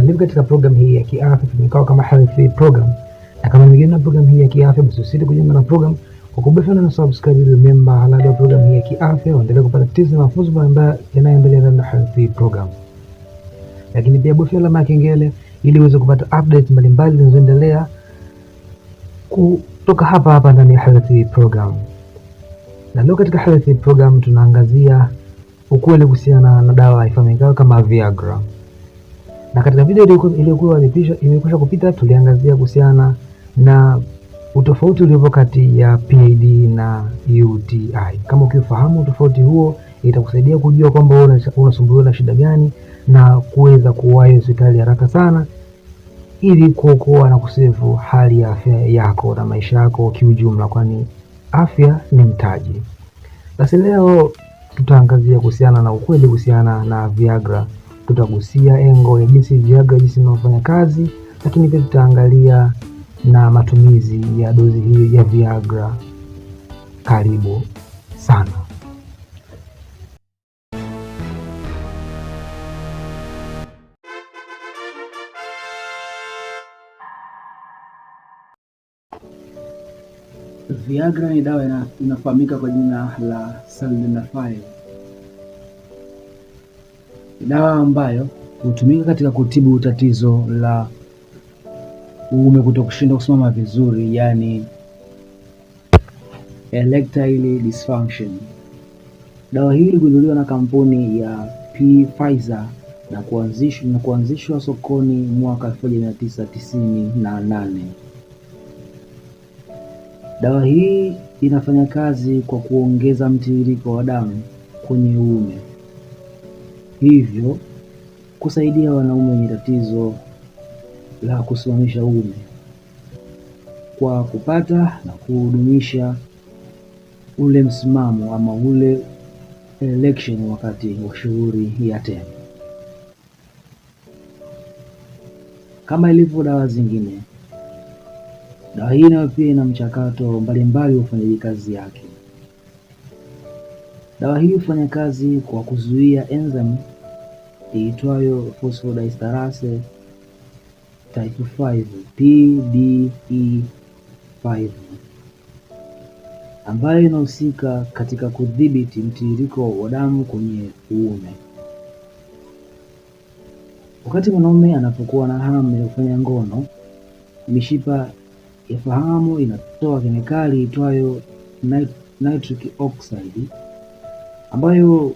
Karibu katika programu hii ya kiafya tumekaa kama Health Free Program, na kama mingine na programu hii ya kiafya, msisite kujiunga na program kwa kubofya na subscribe ili member halali wa programu hii ya kiafya, uendelee kupata tips na mafunzo mbalimbali yanayoendelea ndani ya Health Free Program. Lakini pia bofya alama ya kengele ili uweze kupata updates mbalimbali zinazoendelea kutoka hapa hapa ndani ya Health Free Program. Na leo katika Health Free Program tunaangazia ukweli kuhusiana na dawa ifahamikayo kama Viagra. Na katika video iliyokuwa imekwisha kupita tuliangazia kuhusiana na utofauti uliopo kati ya PID na UTI. Kama ukifahamu utofauti huo, itakusaidia kujua kwamba unasumbuliwa na shida gani na kuweza kuwahi hospitali haraka sana ili kuokoa na kusevu hali ya afya yako na maisha yako kiujumla, kwani afya ni mtaji. Basi leo tutaangazia kuhusiana na ukweli kuhusiana na Viagra tutagusia engo ya jinsi Viagra jinsi inavyofanya kazi, lakini pia tutaangalia na matumizi ya dozi hii ya Viagra. Karibu sana. Viagra ni dawa inafahamika kwa jina la Sildenafil dawa ambayo hutumika katika kutibu tatizo la uume kutokushindwa kusimama vizuri, yani erectile dysfunction. Dawa hii iligunduliwa na kampuni ya Pfizer na kuanzishwa na kuanzishwa sokoni mwaka 1998. Dawa hii inafanya kazi kwa kuongeza mtiririko wa damu kwenye uume hivyo kusaidia wanaume wenye tatizo la kusimamisha uume kwa kupata na kuhudumisha ule msimamo ama ule election wakati wa shughuli ya tena. Kama ilivyo dawa zingine, dawa hii nayo pia ina mchakato mbalimbali wa ufanyaji kazi yake. Dawa hii hufanya kazi kwa kuzuia enzamu iitwayo fosfodiesterase type 5 PDE5 ambayo inahusika katika kudhibiti mtiririko wa damu kwenye uume. Wakati mwanaume anapokuwa na hamu ya kufanya ngono, mishipa ya fahamu inatoa kemikali itwayo nitric oxide ambayo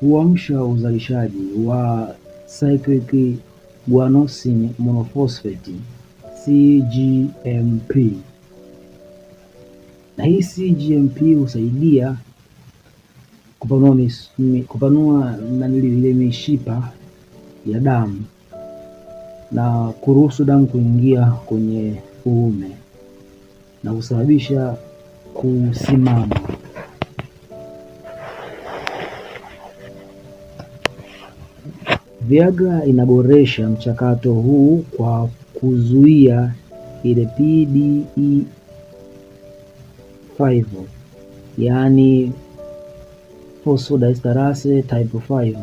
Huamsha uzalishaji wa cyclic guanosine monophosphate CGMP na hii CGMP husaidia kupanua kupanua ile mishipa ya damu na kuruhusu damu kuingia kwenye uume na kusababisha kusimama. Viagra inaboresha mchakato huu kwa kuzuia ile PDE5 yaani Phosphodiesterase type 5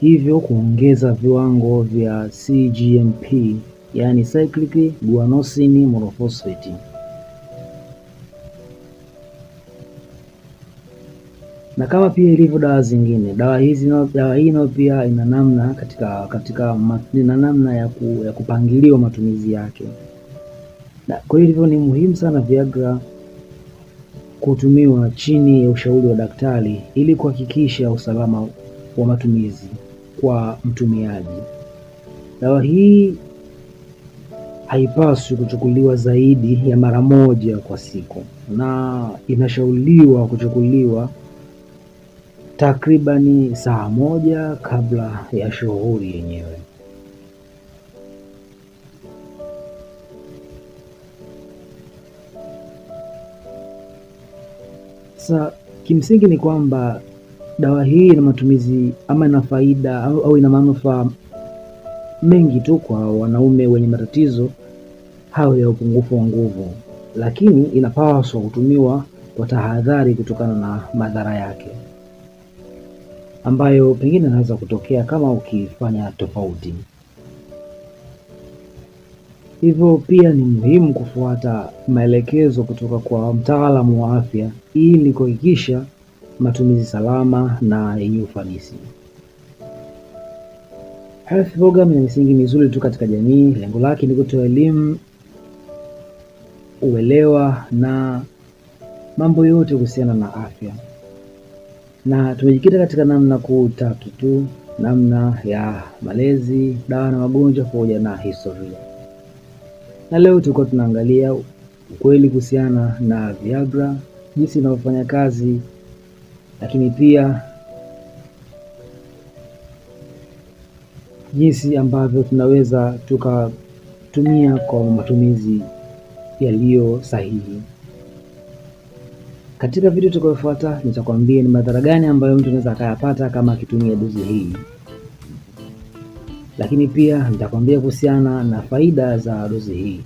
hivyo kuongeza viwango vya CGMP yaani cyclic guanosine monophosphate. Na kama pia ilivyo dawa zingine, dawa hizi no, dawa hii nayo pia ina namna katika katika ina namna ya, ku, ya kupangiliwa matumizi yake. Kwa hivyo ni muhimu sana Viagra kutumiwa chini ya ushauri wa daktari ili kuhakikisha usalama wa matumizi kwa mtumiaji. Dawa hii haipaswi kuchukuliwa zaidi ya mara moja kwa siku na inashauriwa kuchukuliwa takribani saa moja kabla ya shughuli yenyewe. Sa kimsingi ni kwamba dawa hii ina matumizi ama ina faida au, au ina manufaa mengi tu kwa wanaume wenye matatizo hayo ya upungufu wa nguvu, lakini inapaswa kutumiwa kwa tahadhari kutokana na madhara yake ambayo pengine inaweza kutokea kama ukifanya tofauti. Hivyo pia ni muhimu kufuata maelekezo kutoka kwa mtaalamu wa afya ili kuhakikisha matumizi salama na yenye ufanisi. Health program ina misingi mizuri tu katika jamii. Lengo lake ni kutoa elimu, uelewa na mambo yote kuhusiana na afya na tumejikita katika namna kuu tatu tu, namna ya malezi, dawa na magonjwa, pamoja na historia. Na leo tulikuwa tunaangalia ukweli kuhusiana na Viagra, jinsi inavyofanya kazi, lakini pia jinsi ambavyo tunaweza tukatumia kwa matumizi yaliyo sahihi. Katika video tutakayofuata nitakwambia ni madhara gani ambayo mtu anaweza akayapata kama akitumia dozi hii, lakini pia nitakwambia kuhusiana na faida za dozi hii.